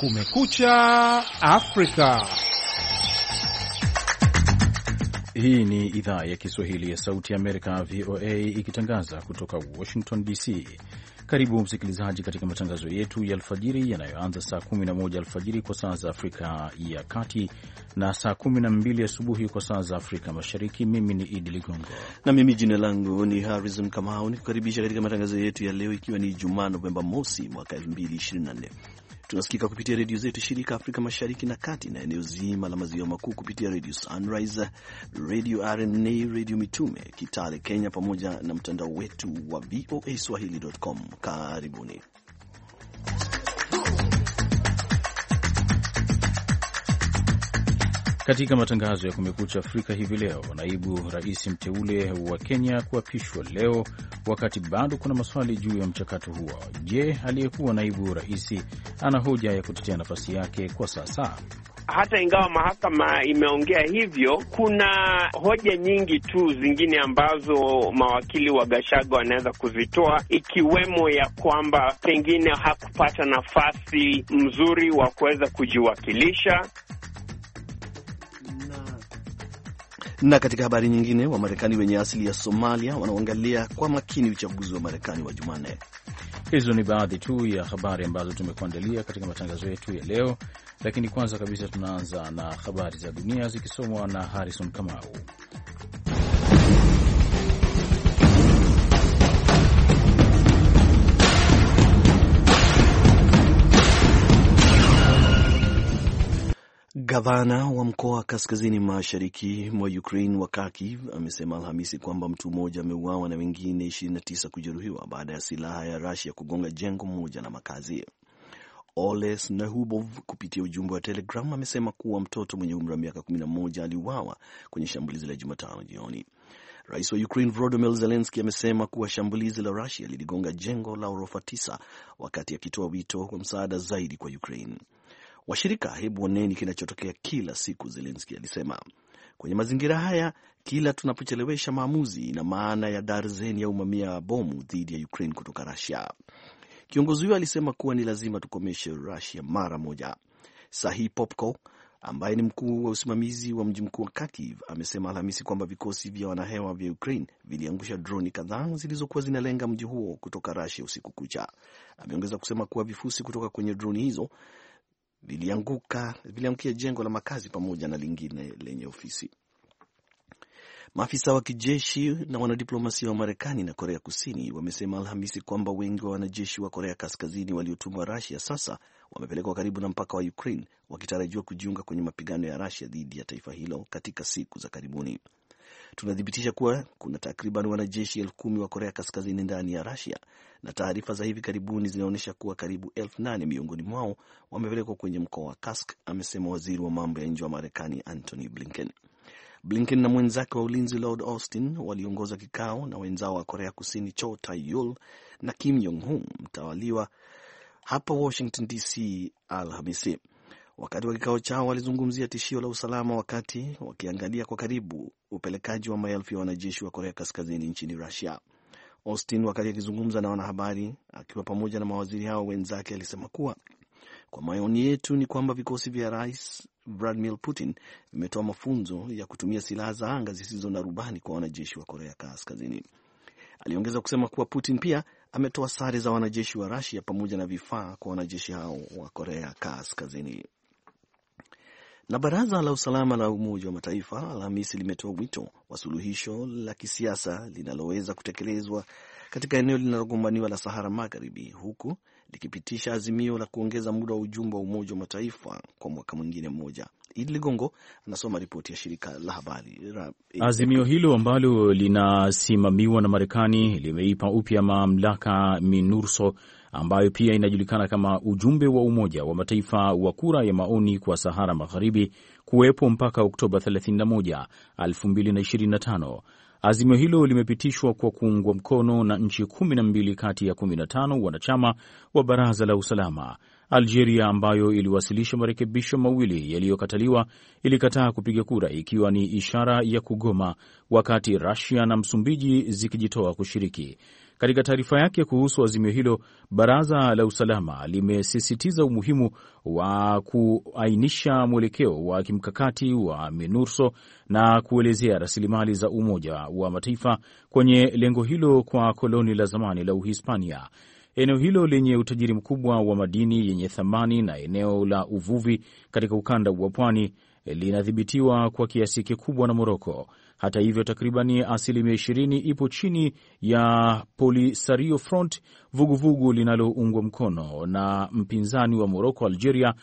Kumekucha Afrika. Hii ni idhaa ya Kiswahili ya Sauti ya Amerika, VOA, ikitangaza kutoka Washington DC. Karibu msikilizaji, katika matangazo yetu ya alfajiri yanayoanza saa 11 alfajiri kwa saa za Afrika ya Kati na saa 12 asubuhi kwa saa za Afrika Mashariki. Mimi ni Idi Ligongo na mimi jina langu ni Harrison Kamau, nikukaribisha katika matangazo yetu ya leo, ikiwa ni Jumaa Novemba mosi mwaka 2024. Tunasikika kupitia redio zetu shirika Afrika Mashariki na Kati na eneo zima la maziwa makuu kupitia redio Sunrise, redio RNA, redio Mitume Kitale Kenya, pamoja na mtandao wetu wa VOA Swahili.com. Karibuni. Katika matangazo ya Kumekucha Afrika hivi leo, naibu rais mteule wa Kenya kuapishwa leo, wakati bado kuna maswali juu ya mchakato huo. Je, aliyekuwa naibu rais ana hoja ya kutetea nafasi yake kwa sasa? Hata ingawa mahakama imeongea hivyo, kuna hoja nyingi tu zingine ambazo mawakili wa Gashaga wanaweza kuzitoa, ikiwemo ya kwamba pengine hakupata nafasi mzuri wa kuweza kujiwakilisha. Na katika habari nyingine, Wamarekani wenye asili ya Somalia wanaoangalia kwa makini uchaguzi wa Marekani wa Jumanne. Hizo ni baadhi tu ya habari ambazo tumekuandalia katika matangazo yetu ya leo, lakini kwanza kabisa tunaanza na habari za dunia zikisomwa na Harrison Kamau. Gavana wa mkoa wa kaskazini mashariki mwa Ukraine wa Kharkiv amesema Alhamisi kwamba mtu mmoja ameuawa na wengine 29 kujeruhiwa baada ya silaha ya rasia kugonga jengo moja na makazi. Oles Nehubov kupitia ujumbe wa Telegram amesema kuwa mtoto mwenye umri wa miaka 11 aliuawa kwenye shambulizi la Jumatano jioni. Rais wa Ukraine Volodymyr zelenski amesema kuwa shambulizi la rasia liligonga jengo la orofa 9 wakati akitoa wito kwa msaada zaidi kwa Ukraine. Washirika, hebu oneni kinachotokea kila siku, Zelenski alisema. Kwenye mazingira haya, kila tunapochelewesha maamuzi ina maana ya darzeni au mamia ya bomu dhidi ya Ukraine kutoka Rusia. Kiongozi huyo alisema kuwa ni lazima tukomeshe Rusia mara moja. Sahi Popko ambaye ni mkuu wa usimamizi wa mji mkuu wa Kharkiv amesema Alhamisi kwamba vikosi vya wanahewa vya Ukraine viliangusha droni kadhaa zilizokuwa zinalenga mji huo kutoka rasia usiku kucha. Ameongeza kusema kuwa vifusi kutoka kwenye droni hizo liliangukia jengo la makazi pamoja na lingine lenye ofisi. Maafisa wa kijeshi na wanadiplomasia wa Marekani na Korea Kusini wamesema Alhamisi kwamba wengi wa wanajeshi wa Korea Kaskazini waliotumwa Rasia sasa wamepelekwa karibu na mpaka wa Ukraine wakitarajiwa kujiunga kwenye mapigano ya Rasia dhidi ya taifa hilo katika siku za karibuni. Tunathibitisha kuwa kuna takriban wanajeshi elfu kumi wa Korea Kaskazini ndani ya Rusia, na taarifa za hivi karibuni zinaonyesha kuwa karibu elfu nane miongoni mwao wamepelekwa kwenye mkoa wa Kask, amesema waziri wa mambo ya nje wa Marekani Antony Blinken. Blinken na mwenzake wa ulinzi Lord Austin waliongoza kikao na wenzao wa Korea Kusini Cho Tae-yul na Kim Jong-un mtawaliwa hapa Washington DC Alhamisi. Wakati wa kikao chao walizungumzia tishio la usalama wakati wakiangalia kwa karibu upelekaji wa maelfu ya wanajeshi wa Korea Kaskazini nchini Rusia. Austin, wakati akizungumza na wanahabari akiwa pamoja na mawaziri hao wenzake, alisema kuwa kwa maoni yetu ni kwamba vikosi vya Rais Vladimir Putin vimetoa mafunzo ya kutumia silaha za anga zisizo na rubani kwa wanajeshi wa Korea Kaskazini. Aliongeza kusema kuwa Putin pia ametoa sare za wanajeshi wa Rusia pamoja na vifaa kwa wanajeshi hao wa Korea Kaskazini. Na baraza la usalama la Umoja wa Mataifa Alhamisi limetoa wito wa suluhisho la kisiasa linaloweza kutekelezwa katika eneo linalogombaniwa la Sahara Magharibi, huku likipitisha azimio la kuongeza muda wa ujumbe wa Umoja wa Mataifa kwa mwaka mwingine mmoja. Idi Ligongo anasoma ripoti ya shirika la habari. Azimio hilo ambalo linasimamiwa na Marekani limeipa upya mamlaka MINURSO ambayo pia inajulikana kama ujumbe wa Umoja wa Mataifa wa kura ya maoni kwa Sahara Magharibi kuwepo mpaka Oktoba 31, 2025. Azimio hilo limepitishwa kwa kuungwa mkono na nchi 12 kati ya 15 wanachama wa Baraza la Usalama. Algeria ambayo iliwasilisha marekebisho mawili yaliyokataliwa, ilikataa kupiga kura ikiwa ni ishara ya kugoma, wakati rasia na Msumbiji zikijitoa kushiriki. Katika taarifa yake kuhusu azimio hilo, baraza la usalama limesisitiza umuhimu wa kuainisha mwelekeo wa kimkakati wa MINURSO na kuelezea rasilimali za Umoja wa Mataifa kwenye lengo hilo kwa koloni la zamani la Uhispania. Eneo hilo lenye utajiri mkubwa wa madini yenye thamani na eneo la uvuvi katika ukanda wa pwani linadhibitiwa kwa kiasi kikubwa na Moroko. Hata hivyo, takribani asilimia 20 ipo chini ya Polisario Front, vuguvugu linaloungwa mkono na mpinzani wa Moroko, Algeria,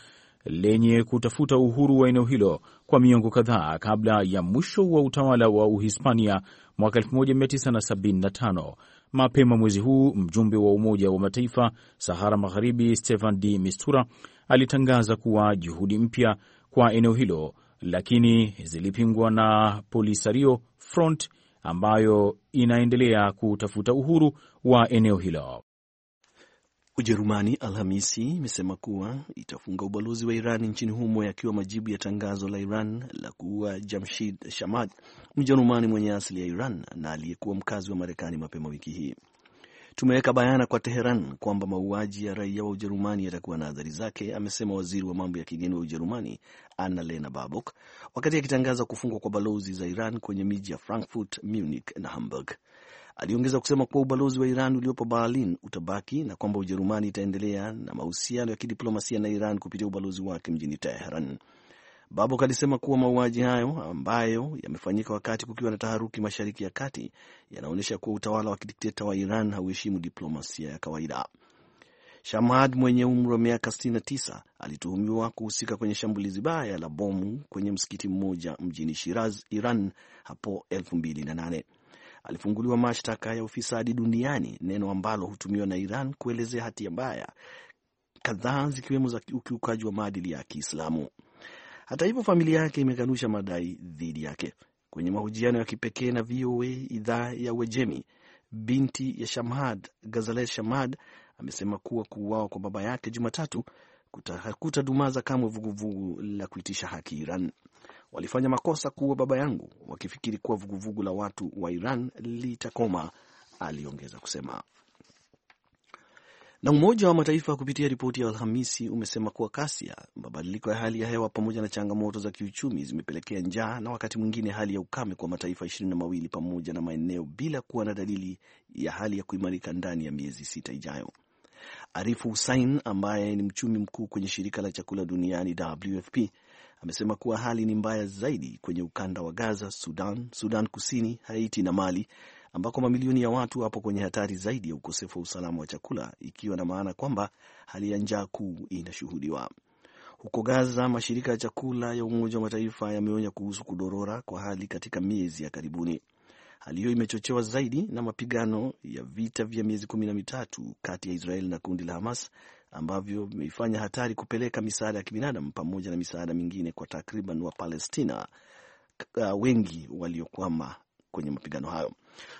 lenye kutafuta uhuru wa eneo hilo kwa miongo kadhaa kabla ya mwisho wa utawala wa Uhispania mwaka 1975. Mapema mwezi huu mjumbe wa Umoja wa Mataifa Sahara Magharibi, stehan de Mistura alitangaza kuwa juhudi mpya kwa eneo hilo lakini zilipingwa na Polisario Front ambayo inaendelea kutafuta uhuru wa eneo hilo. Ujerumani Alhamisi imesema kuwa itafunga ubalozi wa Iran nchini humo yakiwa majibu ya tangazo la Iran la kuua Jamshid Shamad, Mjerumani mwenye asili ya Iran na aliyekuwa mkazi wa Marekani mapema wiki hii tumeweka bayana kwa Teheran kwamba mauaji ya raia wa Ujerumani yatakuwa na athari zake, amesema waziri wa mambo ya kigeni wa Ujerumani Annalena Baerbock wakati akitangaza kufungwa kwa balozi za Iran kwenye miji ya Frankfurt, Munich na Hamburg. Aliongeza kusema kuwa ubalozi wa Iran uliopo Berlin utabaki na kwamba Ujerumani itaendelea na mahusiano ya kidiplomasia na Iran kupitia ubalozi wake mjini Teheran. Babok alisema kuwa mauaji hayo ambayo yamefanyika wakati kukiwa na taharuki mashariki ya kati yanaonyesha kuwa utawala wa kidikteta wa Iran hauheshimu diplomasia ya kawaida. Shamhad mwenye umri wa miaka 69 alituhumiwa kuhusika kwenye shambulizi baya la bomu kwenye msikiti mmoja mjini Shiraz, Iran hapo 2008. Alifunguliwa mashtaka ya ufisadi duniani, neno ambalo hutumiwa na Iran kuelezea hatia mbaya kadhaa zikiwemo za ukiukaji wa maadili ya Kiislamu. Hata hivyo, familia yake imekanusha madai dhidi yake. Kwenye mahojiano ya kipekee na VOA idhaa ya wejemi binti ya Shamhad, gazale Shamhad, amesema kuwa kuuawa kwa baba yake Jumatatu hakutadumaza kamwe vuguvugu la kuitisha haki Iran. Walifanya makosa kuwa baba yangu wakifikiri kuwa vuguvugu la watu wa Iran litakoma, aliongeza kusema. Na Umoja wa Mataifa kupitia ripoti ya Alhamisi umesema kuwa kasia, mabadiliko ya hali ya hewa pamoja na changamoto za kiuchumi zimepelekea njaa na wakati mwingine hali ya ukame kwa mataifa ishirini na mawili pamoja na maeneo bila kuwa na dalili ya hali ya kuimarika ndani ya miezi sita ijayo. Arifu Hussein ambaye ni mchumi mkuu kwenye shirika la chakula duniani WFP amesema kuwa hali ni mbaya zaidi kwenye ukanda wa Gaza, Sudan, Sudan Kusini, Haiti na Mali ambako mamilioni ya watu wapo kwenye hatari zaidi ya ukosefu wa usalama wa chakula, ikiwa na maana kwamba hali ya njaa kuu inashuhudiwa huko Gaza. Mashirika ya chakula ya Umoja wa Mataifa yameonya kuhusu kudorora kwa hali katika miezi ya karibuni. Hali hiyo imechochewa zaidi na mapigano ya vita vya miezi kumi na mitatu kati ya Israel na kundi la Hamas ambavyo vimeifanya hatari kupeleka misaada ya kibinadamu pamoja na misaada mingine kwa takriban Wapalestina uh, wengi waliokwama kwenye mapigano hayo.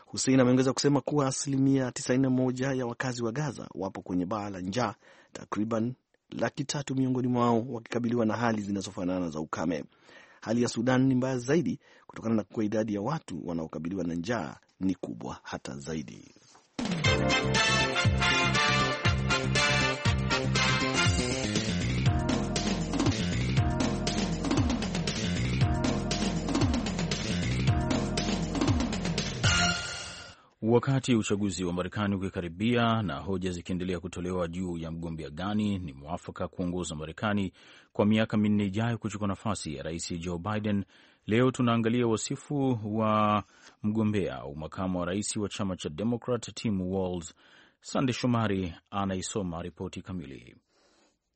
Hussein ameongeza kusema kuwa asilimia 91 ya wakazi wa Gaza wapo kwenye baa la njaa, takriban laki tatu miongoni mwao wakikabiliwa na hali zinazofanana za ukame. Hali ya Sudan ni mbaya zaidi kutokana na kuwa idadi ya watu wanaokabiliwa na njaa ni kubwa hata zaidi. Wakati uchaguzi wa Marekani ukikaribia na hoja zikiendelea kutolewa juu ya mgombea gani ni mwafaka kuongoza Marekani kwa miaka minne ijayo kuchukua nafasi ya Rais Joe Biden, leo tunaangalia wasifu wa mgombea au makamu wa rais wa chama cha demokrat Tim Walz. Sande Shomari anaisoma ripoti kamili.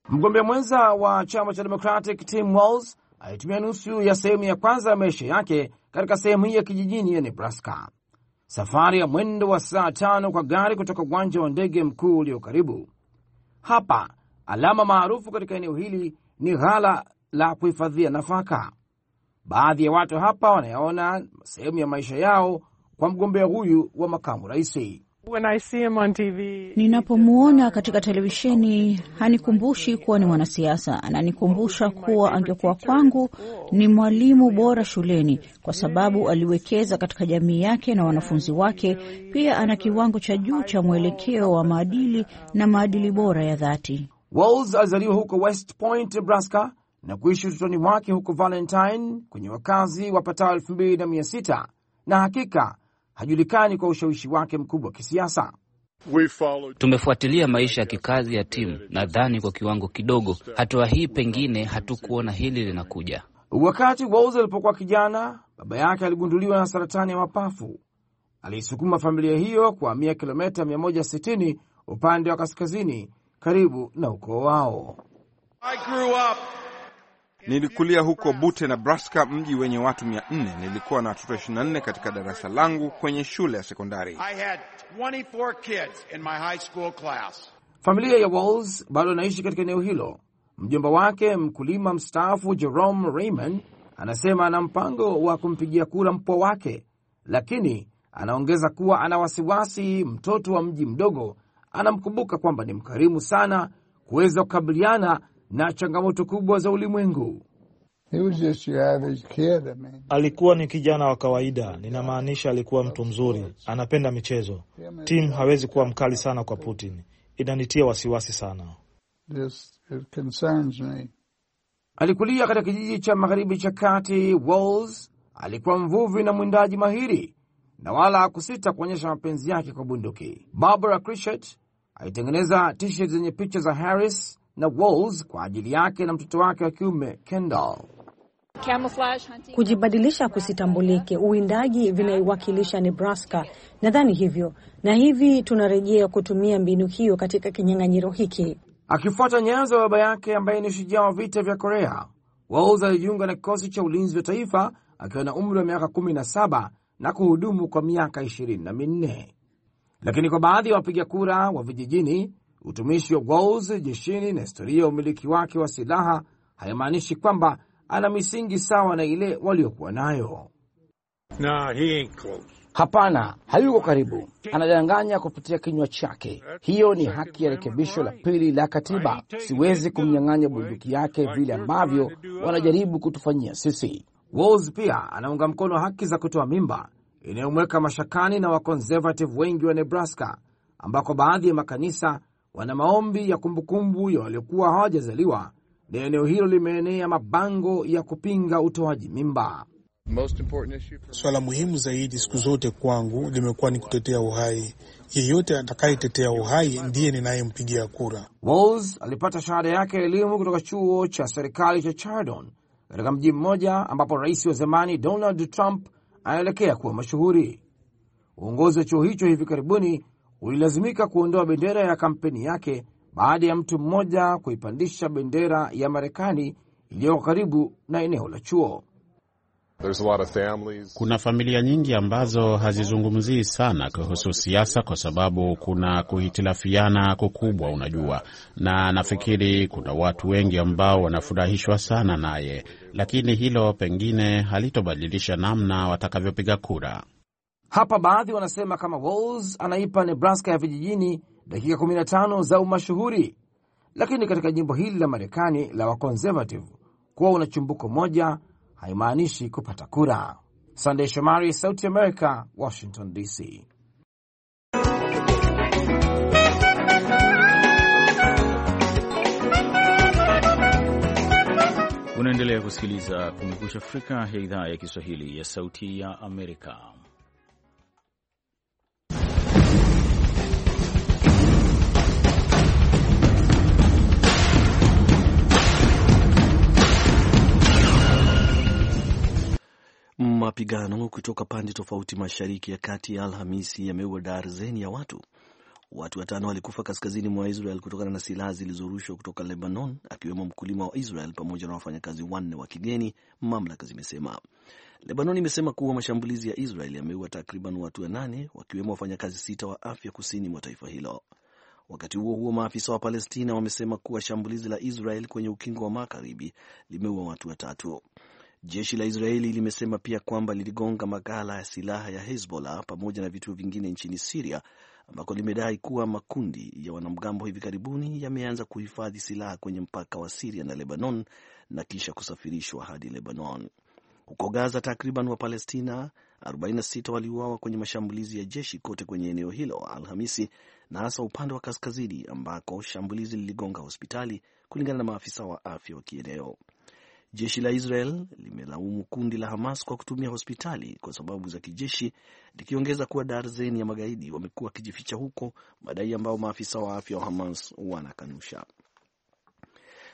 Mgombea mwenza wa chama cha Democratic Tim Walz alitumia nusu ya sehemu ya kwanza ya maisha yake katika sehemu hii ya kijijini ya Nebraska safari ya mwendo wa saa tano kwa gari kutoka uwanja wa ndege mkuu ulio karibu. Hapa alama maarufu katika eneo hili ni ghala la kuhifadhia nafaka. Baadhi ya watu hapa wanayaona sehemu ya maisha yao kwa mgombea huyu wa makamu raisi. Ninapomwona uh, katika televisheni hanikumbushi kuwa ni mwanasiasa, ananikumbusha kuwa angekuwa kwangu ni mwalimu bora shuleni, kwa sababu aliwekeza katika jamii yake na wanafunzi wake. Pia ana kiwango cha juu cha mwelekeo wa maadili na maadili bora ya dhati. Walls alizaliwa huko West Point, Nebraska na kuishi utotoni mwake huko Valentine kwenye wakazi wapatao elfu mbili na mia sita na hakika hajulikani kwa ushawishi wake mkubwa wa kisiasa. Tumefuatilia maisha ya kikazi ya timu, nadhani kwa kiwango kidogo, hatua hii pengine hatukuona hili linakuja. Wakati Walls alipokuwa kijana, baba yake aligunduliwa na saratani ya mapafu. Aliisukuma familia hiyo kuhamia kilometa 160 upande wa kaskazini karibu na ukoo wao. I grew up. Nilikulia huko Butte, Braska, mji wenye watu 400. Nilikuwa na watoto 24 katika darasa langu kwenye shule ya sekondari. Familia ya Walls bado anaishi katika eneo hilo. Mjomba wake mkulima mstaafu Jerome Raymond anasema ana mpango wa kumpigia kura mpwa wake, lakini anaongeza kuwa ana wasiwasi mtoto wa mji mdogo anamkumbuka kwamba ni mkarimu sana kuweza kukabiliana na changamoto kubwa za ulimwengu. Alikuwa ni kijana wa kawaida, ninamaanisha alikuwa mtu mzuri, anapenda michezo. Tim hawezi kuwa mkali sana kwa Putin, inanitia wasiwasi sana. alikulia katika kijiji cha magharibi cha kati Wals. Alikuwa mvuvi na mwindaji mahiri na wala hakusita kuonyesha mapenzi yake kwa bunduki. Barbara Crichet alitengeneza t-shirt zenye picha za Harris na Walls kwa ajili yake na mtoto wake wa kiume Kendall. Kujibadilisha kusitambulike, uwindaji vinaiwakilisha Nebraska, nadhani hivyo, na hivi tunarejea kutumia mbinu hiyo katika kinyang'anyiro hiki. Akifuata nyazo ya baba yake ambaye ni shujaa wa vita vya Korea, Walls alijiunga na kikosi cha ulinzi wa taifa akiwa na umri wa miaka 17 na kuhudumu kwa miaka 24. Lakini kwa baadhi ya wapiga kura wa vijijini Utumishi wa Walls jeshini na historia ya umiliki wake wa silaha hayamaanishi kwamba ana misingi sawa na ile waliokuwa nayo. hapana, hayuko karibu, anadanganya kupitia kinywa chake. Hiyo ni haki ya rekebisho la pili la katiba. Siwezi kumnyang'anya bunduki yake vile ambavyo wanajaribu kutufanyia sisi. Walls pia anaunga mkono haki za kutoa mimba inayomweka mashakani na wakonservative wengi wa Nebraska, ambako baadhi ya makanisa wana maombi ya kumbukumbu ya waliokuwa hawajazaliwa, na eneo hilo limeenea mabango ya kupinga utoaji mimba. Swala muhimu zaidi siku zote kwangu limekuwa ni kutetea uhai. Yeyote atakayetetea uhai ndiye ninayempigia kura. Walls alipata shahada yake ya elimu kutoka chuo cha serikali cha Chardon katika mji mmoja ambapo rais wa zamani Donald Trump anaelekea kuwa mashuhuri. Uongozi wa chuo hicho hivi karibuni ulilazimika kuondoa bendera ya kampeni yake baada ya mtu mmoja kuipandisha bendera ya Marekani iliyoko karibu na eneo la chuo. Kuna familia nyingi ambazo hazizungumzii sana kuhusu siasa kwa sababu kuna kuhitilafiana kukubwa, unajua, na nafikiri kuna watu wengi ambao wanafurahishwa sana naye, lakini hilo pengine halitobadilisha namna watakavyopiga kura. Hapa baadhi wanasema kama Walls anaipa Nebraska ya vijijini dakika 15 za umashuhuri, lakini katika jimbo hili la Marekani la wakonservative kuwa una chumbuko moja haimaanishi kupata kura. Sandey Shomari, Sauti America, Washington DC. Unaendelea kusikiliza Kumekucha Afrika ya idhaa ya Kiswahili ya Sauti ya Amerika. Mapigano kutoka pande tofauti mashariki ya kati ya Alhamisi yameua darzeni ya watu. Watu watano walikufa kaskazini mwa Israel kutokana na silaha zilizorushwa kutoka Lebanon, akiwemo mkulima wa Israel pamoja na wafanyakazi wanne wa kigeni, mamlaka zimesema. Lebanon imesema kuwa mashambulizi ya Israel yameua takriban watu wanane, wakiwemo wafanyakazi sita wa afya kusini mwa taifa hilo. Wakati huo huo, maafisa wa Palestina wamesema kuwa shambulizi la Israel kwenye ukingo wa magharibi limeua watu watatu. Jeshi la Israeli limesema pia kwamba liligonga maghala ya silaha ya Hezbollah pamoja na vituo vingine nchini Siria, ambako limedai kuwa makundi ya wanamgambo hivi karibuni yameanza kuhifadhi silaha kwenye mpaka wa Siria na Lebanon na kisha kusafirishwa hadi Lebanon. Huko Gaza, takriban Wapalestina 46 waliuawa kwenye mashambulizi ya jeshi kote kwenye eneo hilo Alhamisi, na hasa upande wa kaskazini ambako shambulizi liligonga hospitali, kulingana na maafisa wa afya wa kieneo. Jeshi la Israel limelaumu kundi la Hamas kwa kutumia hospitali kwa sababu za kijeshi, likiongeza kuwa darzeni ya magaidi wamekuwa wakijificha huko, madai ambayo maafisa wa afya wa Hamas wanakanusha.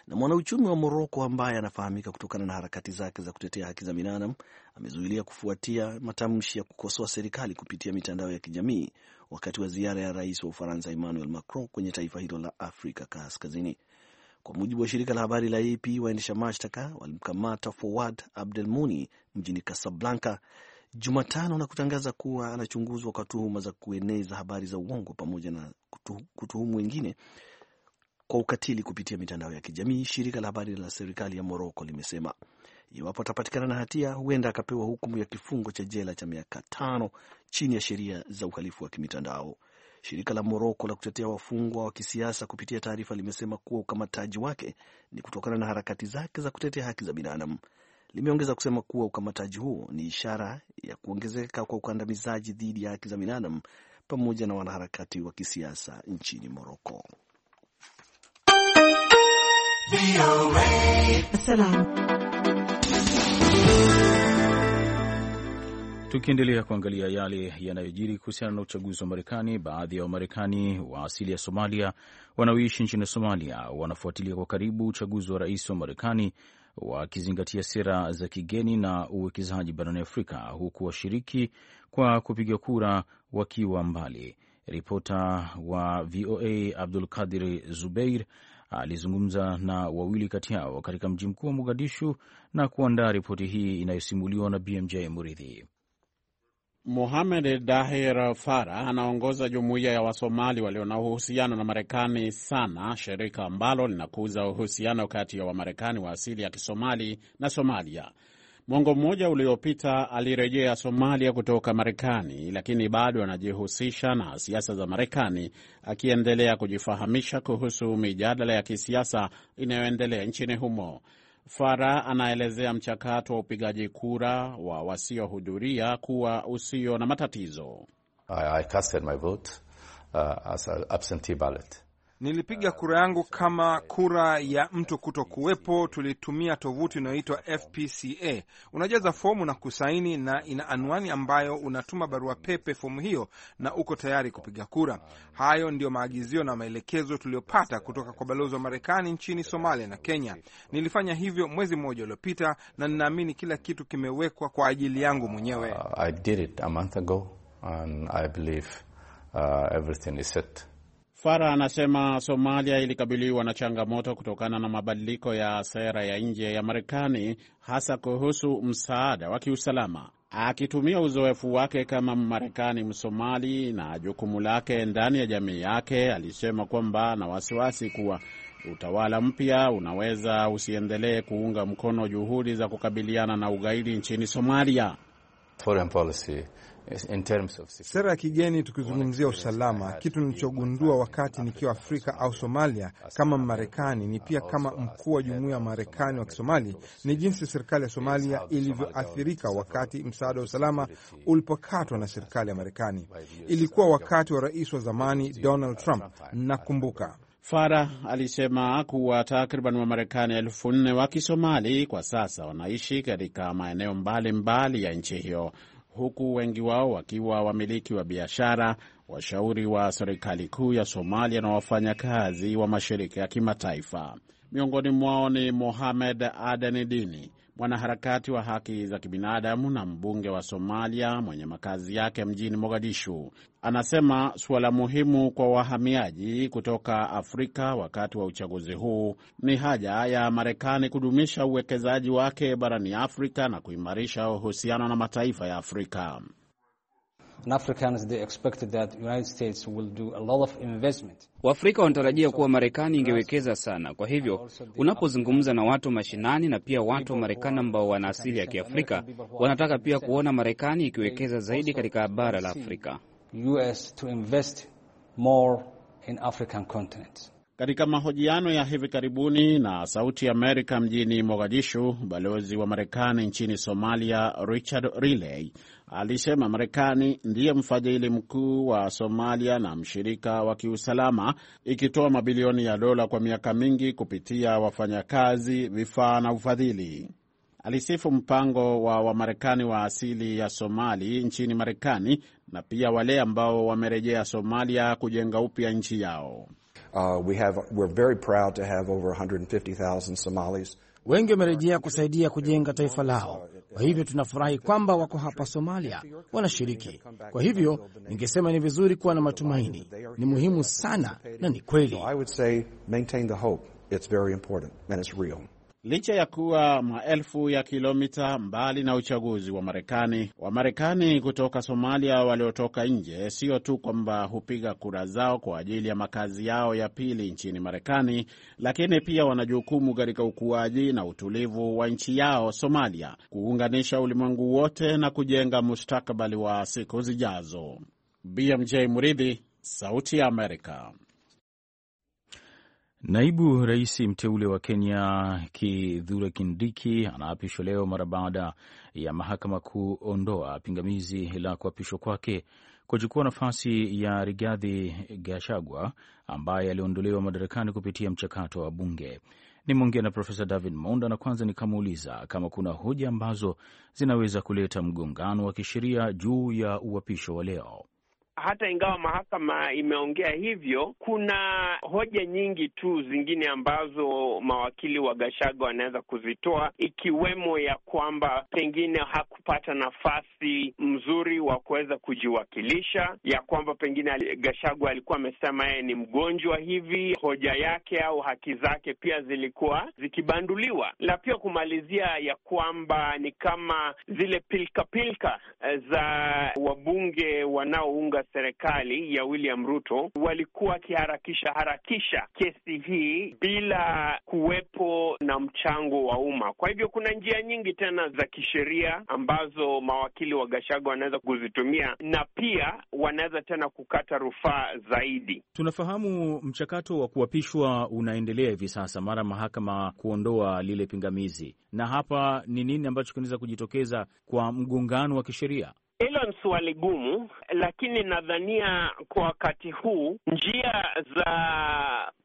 Na mwanauchumi wa Moroko ambaye anafahamika kutokana na harakati zake za kutetea haki za binadamu amezuilia kufuatia matamshi ya kukosoa serikali kupitia mitandao ya kijamii wakati wa ziara ya rais wa Ufaransa Emmanuel Macron kwenye taifa hilo la Afrika Kaskazini. Kwa mujibu wa shirika la habari la AP, waendesha mashtaka walimkamata Fawad muni mjini Kasablanka Jumatano na kutangaza kuwa anachunguzwa kwa tuhuma za kueneza habari za uongo pamoja na kutuhumu wengine kwa ukatili kupitia mitandao ya kijamii. Shirika la habari la serikali ya Moroko limesema iwapo atapatikana na hatia, huenda akapewa hukumu ya kifungo cha jela cha miaka tano chini ya sheria za uhalifu wa kimitandao. Shirika la Moroko la kutetea wafungwa wa kisiasa kupitia taarifa limesema kuwa ukamataji wake ni kutokana na harakati zake za kutetea haki za binadamu. Limeongeza kusema kuwa ukamataji huo ni ishara ya kuongezeka kwa ukandamizaji dhidi ya haki za binadamu pamoja na wanaharakati wa kisiasa nchini Moroko. Tukiendelea kuangalia yale yanayojiri kuhusiana na uchaguzi wa Marekani, baadhi ya Wamarekani wa asili ya Somalia wanaoishi nchini Somalia wanafuatilia kwa karibu uchaguzi wa rais wa Marekani wakizingatia sera za kigeni na uwekezaji barani Afrika, huku washiriki kwa kupiga kura wakiwa mbali. Ripota wa VOA Abdul Qadir Zubeir alizungumza na wawili kati yao katika mji mkuu wa Mogadishu na kuandaa ripoti hii inayosimuliwa na BMJ Muridhi. Mohamed Dahir Fara anaongoza jumuiya ya Wasomali walio na uhusiano na Marekani sana, shirika ambalo linakuza uhusiano kati ya Wamarekani wa asili ya Kisomali na Somalia. Mwongo mmoja uliopita alirejea Somalia kutoka Marekani, lakini bado anajihusisha na siasa za Marekani, akiendelea kujifahamisha kuhusu mijadala ya kisiasa inayoendelea nchini humo. Fara anaelezea mchakato wa upigaji kura wa wasiohudhuria kuwa usio na matatizo. I, I casted my vote, uh, as Nilipiga kura yangu kama kura ya mtu kuto kuwepo. Tulitumia tovuti inayoitwa FPCA. Unajaza fomu na kusaini, na ina anwani ambayo unatuma barua pepe fomu hiyo, na uko tayari kupiga kura. Hayo ndiyo maagizio na maelekezo tuliyopata kutoka kwa balozi wa Marekani nchini Somalia na Kenya. Nilifanya hivyo mwezi mmoja uliopita, na ninaamini kila kitu kimewekwa kwa ajili yangu mwenyewe. Uh, I did it a month ago and I believe, uh, everything is set fara anasema Somalia ilikabiliwa na changamoto kutokana na mabadiliko ya sera ya nje ya Marekani, hasa kuhusu msaada wa kiusalama. Akitumia uzoefu wake kama marekani Msomali na jukumu lake ndani ya jamii yake, alisema kwamba ana wasiwasi kuwa utawala mpya unaweza usiendelee kuunga mkono juhudi za kukabiliana na ugaidi nchini Somalia. Foreign policy Sera ya kigeni tukizungumzia usalama, kitu nilichogundua wakati nikiwa Afrika au Somalia kama marekani ni pia kama mkuu wa jumuiya ya Marekani wa Kisomali ni jinsi serikali ya Somalia ilivyoathirika wakati msaada wa usalama ulipokatwa na serikali ya Marekani. Ilikuwa wakati wa rais wa zamani Donald Trump, nakumbuka. fara alisema kuwa takriban Wamarekani elfu nne wa Kisomali kwa sasa wanaishi katika maeneo mbalimbali mbali ya nchi hiyo huku wengi wao wakiwa wamiliki wa biashara, washauri wa serikali kuu ya Somalia na wafanyakazi wa mashirika ya kimataifa. Miongoni mwao ni Mohamed adenidini Dini, mwanaharakati wa haki za kibinadamu na mbunge wa Somalia mwenye makazi yake mjini Mogadishu, Anasema suala muhimu kwa wahamiaji kutoka Afrika wakati wa uchaguzi huu ni haja ya Marekani kudumisha uwekezaji wake barani Afrika na kuimarisha uhusiano na mataifa ya Afrika. Waafrika wanatarajia kuwa Marekani ingewekeza sana. Kwa hivyo unapozungumza na watu mashinani na pia watu wa Marekani ambao wana asili ya Kiafrika wanataka pia kuona Marekani ikiwekeza zaidi katika bara la Afrika. US to invest more in African continent. Katika mahojiano ya hivi karibuni na Sauti ya Amerika mjini Mogadishu, balozi wa Marekani nchini Somalia Richard Riley alisema Marekani ndiye mfadhili mkuu wa Somalia na mshirika wa kiusalama, ikitoa mabilioni ya dola kwa miaka mingi kupitia wafanyakazi, vifaa na ufadhili alisifu mpango wa Wamarekani wa asili ya Somali nchini Marekani na pia wale ambao wamerejea Somalia kujenga upya nchi yao. Uh, we have, Wengi wamerejea kusaidia kujenga taifa lao, kwa hivyo tunafurahi kwamba wako hapa Somalia wanashiriki. Kwa hivyo ningesema ni vizuri kuwa na matumaini, ni muhimu sana na ni kweli. Licha ya kuwa maelfu ya kilomita mbali na uchaguzi wa Marekani, Wamarekani kutoka Somalia waliotoka nje sio tu kwamba hupiga kura zao kwa ajili ya makazi yao ya pili nchini Marekani, lakini pia wanajukumu katika ukuaji na utulivu wa nchi yao Somalia, kuunganisha ulimwengu wote na kujenga mustakabali wa siku zijazo. BMJ Muridhi, Sauti ya Amerika. Naibu rais mteule wa Kenya Kithure Kindiki anaapishwa leo mara baada ya mahakama kuondoa pingamizi la kuapishwa kwake kuchukua nafasi ya Rigathi Gachagua ambaye aliondolewa madarakani kupitia mchakato wa bunge. Nimeongea na Profesa David Monda na kwanza nikamuuliza kama kuna hoja ambazo zinaweza kuleta mgongano wa kisheria juu ya uapisho wa leo hata ingawa mahakama imeongea hivyo, kuna hoja nyingi tu zingine ambazo mawakili wa gashago wanaweza kuzitoa, ikiwemo ya kwamba pengine hakupata nafasi mzuri wa kuweza kujiwakilisha, ya kwamba pengine Gachagua alikuwa amesema yeye ni mgonjwa hivi, hoja yake au haki zake pia zilikuwa zikibanduliwa, na pia kumalizia ya kwamba ni kama zile pilkapilka -pilka eh, za wabunge wanaounga serikali ya William Ruto walikuwa wakiharakisha harakisha kesi hii bila kuwepo na mchango wa umma. Kwa hivyo kuna njia nyingi tena za kisheria ambazo mawakili wa gashaga wanaweza kuzitumia na pia wanaweza tena kukata rufaa zaidi. Tunafahamu mchakato wa kuapishwa unaendelea hivi sasa mara mahakama kuondoa lile pingamizi, na hapa ni nini ambacho kinaweza kujitokeza kwa mgongano wa kisheria? Hilo ni swali gumu, lakini nadhania kwa wakati huu njia za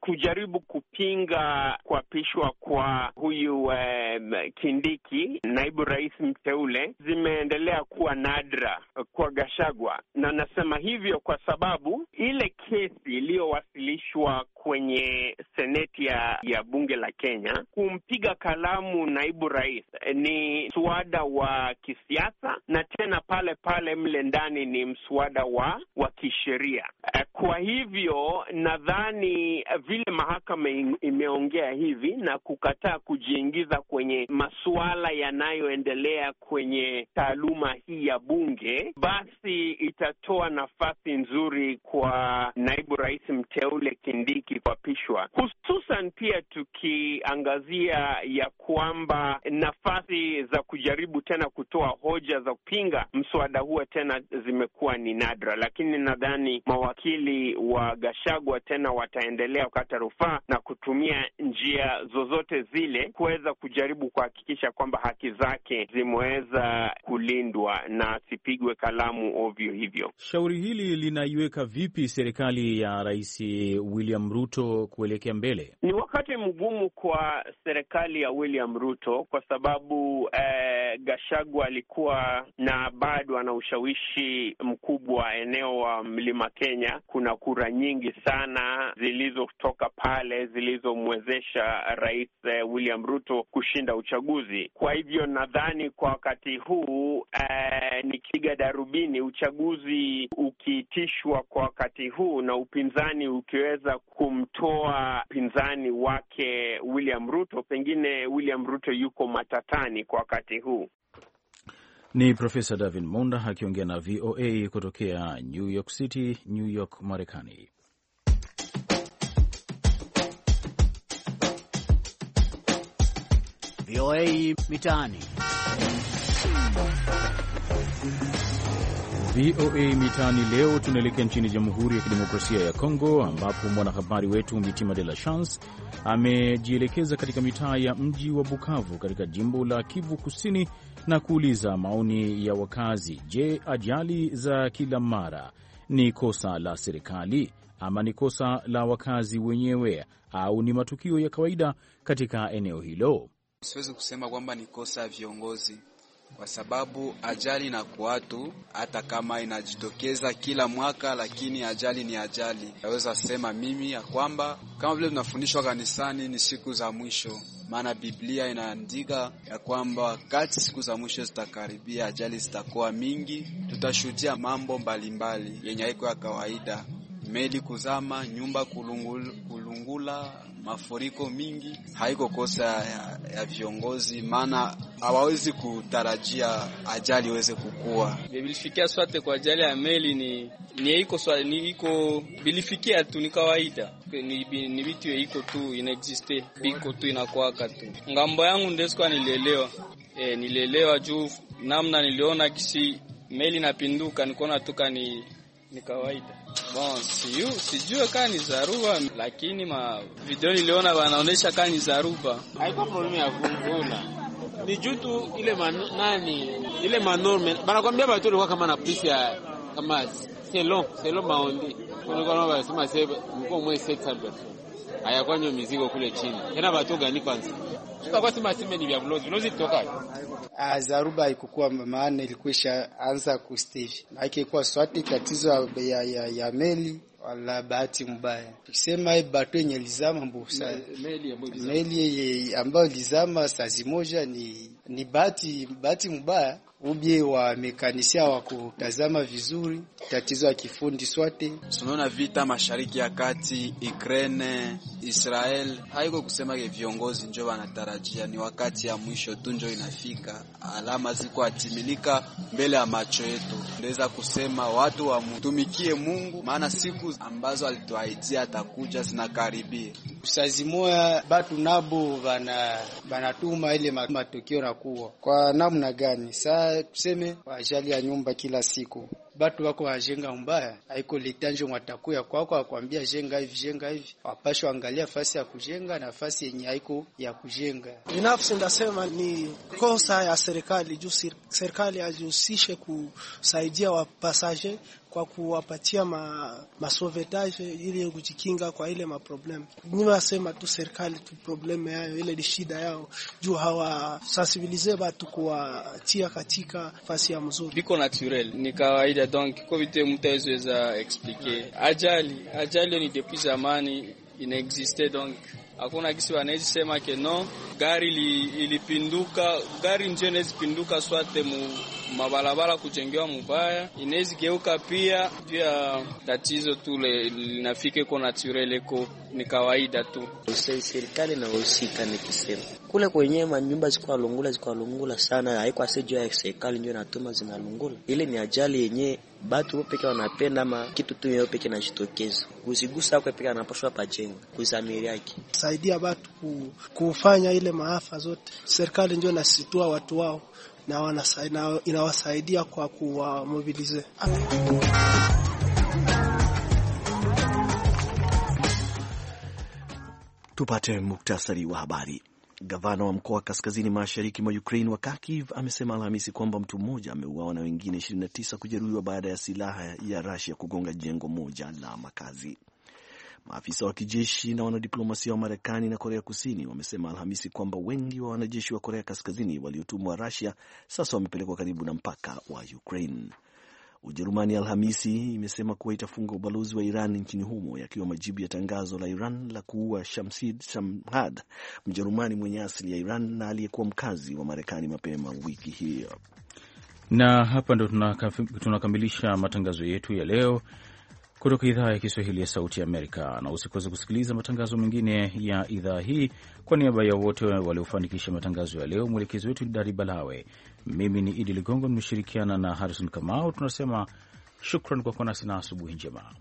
kujaribu kupinga kuapishwa kwa huyu um, Kindiki, naibu rais mteule, zimeendelea kuwa nadra kwa Gashagwa, na nasema hivyo kwa sababu ile kesi iliyowasilishwa kwenye seneti ya, ya bunge la Kenya kumpiga kalamu naibu rais eh, ni mswada wa kisiasa, na tena pale pale mle ndani ni mswada wa wa kisheria. Eh, kwa hivyo nadhani eh, vile mahakama imeongea hivi na kukataa kujiingiza kwenye masuala yanayoendelea kwenye taaluma hii ya bunge, basi itatoa nafasi nzuri kwa naibu rais mteule Kindiki kuapishwa, hususan pia tukiangazia ya kwamba nafasi za kujaribu tena kutoa hoja za kupinga mswada huo tena zimekuwa ni nadra, lakini nadhani mawakili wa Gashagwa tena wataendelea kukata rufaa na kutumia njia zozote zile kuweza kujaribu kuhakikisha kwamba haki zake zimeweza kulindwa na asipigwe kalamu ovyo hivyo. Shauri hili linaiweka vipi serikali ya Rais William Ruto kuelekea mbele? Ni wakati mgumu kwa serikali ya William Ruto kwa sababu eh, Gashagwa alikuwa na bado ana ushawishi mkubwa eneo wa Mlima Kenya. Kuna kura nyingi sana zilizo kutoka pale zilizomwezesha Rais eh, William Ruto kushinda uchaguzi. Kwa hivyo nadhani kwa wakati huu eh, nikipiga darubini, uchaguzi ukiitishwa kwa wakati huu na upinzani ukiweza kumtoa mpinzani wake William Ruto, pengine William Ruto yuko matatani kwa wakati huu. Ni Profesa David Monda akiongea na VOA kutokea New York City, New York, Marekani. VOA Mitaani. VOA Mitaani leo tunaelekea nchini Jamhuri ya Kidemokrasia ya Kongo, ambapo mwanahabari wetu Mitima De La Chance amejielekeza katika mitaa ya mji wa Bukavu katika jimbo la Kivu Kusini na kuuliza maoni ya wakazi. Je, ajali za kila mara ni kosa la serikali ama ni kosa la wakazi wenyewe au ni matukio ya kawaida katika eneo hilo? Siwezi kusema kwamba ni kosa ya viongozi, kwa sababu ajali na kuatu, hata kama inajitokeza kila mwaka, lakini ajali ni ajali. Naweza sema mimi ya kwamba kama vile tunafundishwa kanisani ni siku za mwisho, maana Biblia inaandika ya kwamba wakati siku za mwisho zitakaribia, ajali zitakuwa mingi, tutashuhudia mambo mbalimbali yenye haiko ya kawaida, meli kuzama, nyumba kulungula, kulungula mafuriko mingi haiko kosa ya, ya viongozi, maana hawawezi kutarajia ajali iweze kukua. Bilifikia swate kwa ajali ya meli ni ni iko ni iko bilifikia tu, ni kawaida, ni vitu iko tu inaexiste, biko tu inakwaka tu. Ngambo yangu ndesikwa nilielewa e, nilielewa juu namna niliona kisi meli napinduka, nikuona tuka ni, ni kawaida Bon, siyu, sijue kaa ni zaruba, lakini ma video niliona wanaonesha kaa ni zaruba. Haiko problemu ya kunguna ni juu ile man, nani ile manorme banakwambia batu walikuwa kama na pisi ya kama selo, selo maondi kwa nao basema sebe mko mwe 600 hayakwanywa mizigo kule chini tena batu gani kwanza tutakuwa sima sime ni vya vlozi vlozi kutoka Ah, zaruba ikukua maana ilikuisha anza kustivi, maanake ilikuwa swati tatizo ya, ya, ya meli wala bahati mbaya tukisema bato yenye lizama mbusa meli ambayo lizama sazi moja ni, ni bahati mbaya wa mekanisia wa kutazama vizuri tatizo ya kifundi swate. Tunaona vita mashariki ya kati, Ukraine, Israel, haiko kusema ke viongozi njo wanatarajia ni wakati ya mwisho tu njo inafika, alama ziko atimilika mbele ya macho yetu. Ndaweza kusema watu wamtumikie Mungu, maana siku ambazo alituaidia atakuja zinakaribia. Usazi moya batu nabo banatuma ile matukio nakuwa kwa namna gani saa mbaya tuseme wajali ya nyumba kila siku batu wako wajenga mbaya, haiko litanje mwatakuya kwako akwambia jenga hivi jenga hivi, wapashwa angalia fasi ya kujenga na fasi yenye haiko ya kujenga. Binafsi ndasema ni kosa ya serikali juu serikali ajihusishe kusaidia wapasaje kwa kuwapatia ma, masovetage ili kujikinga kwa ile maproblemu. Ni wasema tu serikali tu probleme yayo ile ni shida yao, juu hawasensibilize watu kuwatia katika fasi ya mzuri, biko naturel ni kawaida donc komite mtaweza aweza explique ajali ajali ni depuis zamani inaexiste donc hakuna kisi wanawezi sema ke no gari li, ilipinduka gari njio inawezi pinduka swate mu mabalabala kujengewa mubaya inawezi geuka pia pia, tatizo tu linafika iko naturel iko ni kawaida tu. Serikali inahusika nikisema kule kwenye manyumba ziko alungula ziko alungula sana, haiko asi juu ya serikali ndio natuma zinalungula. Ile ni ajali yenye batu wopeke wanapenda ama kitu tu yopeke kinajitokeza kuzigusa, kwa peke anapashwa pajenga kuzamiri yake kusaidia watu kufanya ile maafa zote. Serikali ndio inasitua watu wao na inawasaidia kwa kuwamobilize. Tupate muktasari wa habari. Gavana wa mkoa wa kaskazini mashariki mwa Ukraine wa Kharkiv amesema Alhamisi kwamba mtu mmoja ameuawa na wengine 29 kujeruhiwa baada ya silaha ya Russia kugonga jengo moja la makazi. Maafisa wa kijeshi na wanadiplomasia wa Marekani na Korea Kusini wamesema Alhamisi kwamba wengi wa wanajeshi wa Korea Kaskazini waliotumwa Rusia sasa wamepelekwa karibu na mpaka wa Ukraine. Ujerumani Alhamisi imesema kuwa itafunga ubalozi wa Iran nchini humo, yakiwa majibu ya tangazo la Iran la kuua Shamsid Shamhad, Mjerumani mwenye asili ya Iran na aliyekuwa mkazi wa Marekani mapema wiki hiyo. Na hapa ndo tunakamilisha matangazo yetu ya leo kutoka idhaa ya Kiswahili ya Sauti ya Amerika, na usikose kusikiliza matangazo mengine ya idhaa hii. Kwa niaba ya wote waliofanikisha matangazo ya leo, mwelekezi wetu ni Dari Balawe, mimi ni Idi Ligongo, nimeshirikiana na Harrison Kamau, tunasema shukran kwa kuwa nasi na asubuhi njema.